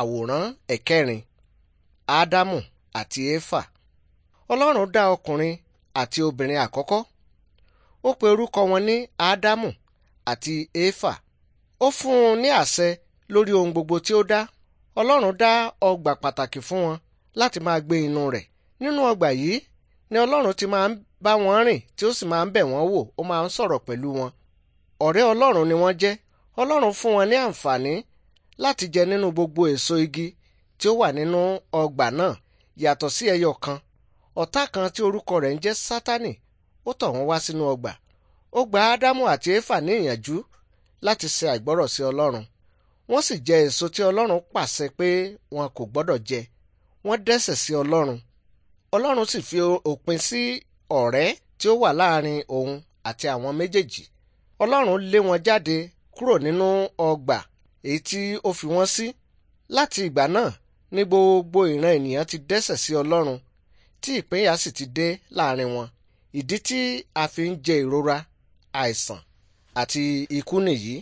àwòrán ẹ̀kẹrin ádámù àti éfà ọlọ́run dá ọkùnrin àti obìnrin àkọ́kọ́ ó pe orúkọ wọn ní ádámù àti éfà ó fún un ní àṣẹ lórí ohun gbogbo tí ó dá ọlọ́run dá ọgbà pàtàkì fún wọn láti máa gbé inú rẹ̀ nínú ọgbà yìí ni ọlọ́run ti máa ń bá wọn rìn tí ó sì máa ń bẹ̀ wọ́n wò ó máa ń sọ̀rọ̀ pẹ̀lú wọn ọ̀rẹ́ ọlọ́run ni wọ́n jẹ́ ọlọ́run fún wọn ní àǹfààní láti jẹ nínú gbogbo èso igi tí ó wà nínú ọgbà náà yàtọ̀ sí ẹyọ kan ọ̀tá kan tí orúkọ rẹ̀ ń jẹ́ sátani ó tọ̀ wọ́n wá sínú ọgbà ó gba ádámù àti éfà ní ìyànjú láti ṣe àìgbọ́rọ̀ sí ọlọ́run wọ́n sì jẹ èso tí ọlọ́run pàṣẹ pé wọn kò gbọ́dọ̀ jẹ wọ́n dẹ́ṣẹ̀ sí ọlọ́run ọlọ́run sì fi òpin sí ọ̀rẹ́ tí ó wà láàrin òun àti àwọn méjèèjì ọlọ́run lé wọn jáde kúrò nínú ọgbà èyí tí ó fi wọ́n sí láti ìgbà náà ni gbogbo ìran ènìyàn ti dẹ́ṣẹ̀ sí Ọlọ́run tí ìpínyà sì ti dé láàrin wọn ìdí tí a fi ń jẹ ìrora àìsàn àti ikú nìyí